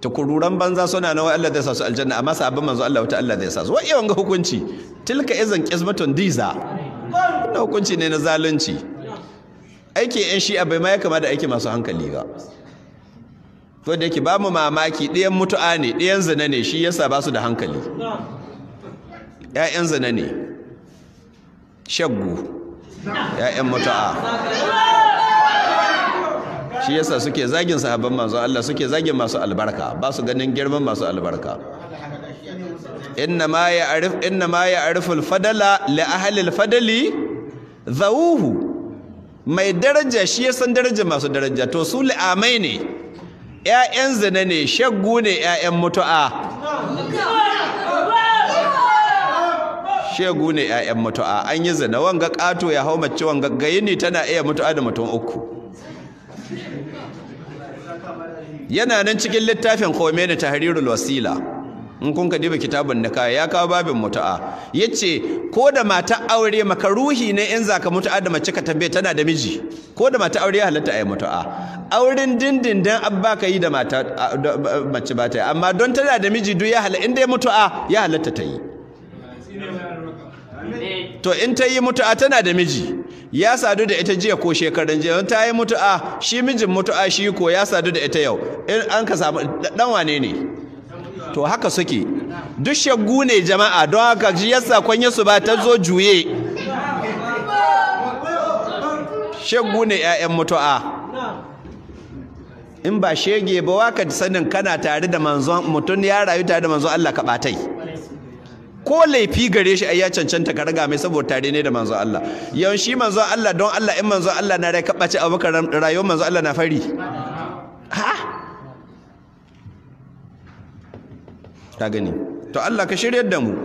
tukururan banza suna na nawa Allah zai sa su aljanna amma abin manzo Allah wata Allah zai sa su wai wanga hukunci tilka izan qismatun diza na hukunci ne na zalunci aiki yan shi'a bai ma ya kama da aiki masu hankali ba to da yake ba mu mamaki ɗayan mutu'a ne ɗayan zina ne shi yasa ba su da hankali ƴaƴan zina ne shaggu ƴaƴan mutu'a shi yasa suke zagin sahabban manzon Allah suke zagin masu albarka ba su ganin girman masu albarka inna ma ya'rif inna ya'riful fadala li ahli al-fadli zawuhu mai daraja shi ya san daraja masu daraja to su li'amai ne ƴaƴan zina ne shaggu ne ƴaƴan mutu'a shegu ne ƴaƴan mutu'a an yi zina wanga ƙato ya hau mace wanga gayi ne tana iya mutu'a da mutum uku yana nan cikin littafin Khomeini Tahrirul Wasila in kun ka diba kitabun nika ya kawo babin mutu'a Ya ce, ko da mata aure maka ruhi ne in ka mutu'a da mace ka tambaye tana da miji ko da mata aure ya halatta a yi mutu'a auren dindindin abba ka yi da mace ba ta yi amma don tana da miji duk ya halatta in dai mutu'a ya halatta ta yi to in ta yi mutu'a tana da miji ya sadu da ita jiya ko shekaran jiya ta yi mutu'a shi mijin mutu'a shi ko ya sadu da ita yau in an ka samu dan wane ne to haka suke duk shaggu ne jama'a don haka yasa kwanye su ba ta zo juye shaggu ne 'ya'yan mutu'a in ba shege ba waka sanin kana tare da manzon mutum ya rayu tare da manzon Allah ka batai ko laifi gare shi ai ya cancanta ka raga mai saboda tare ne da manzo Allah yawan shi manzo Allah don Allah in manzo Allah na rai kabace abubakar rayuwar manzo Allah na fari ha ta gani to Allah ka shiryar da mu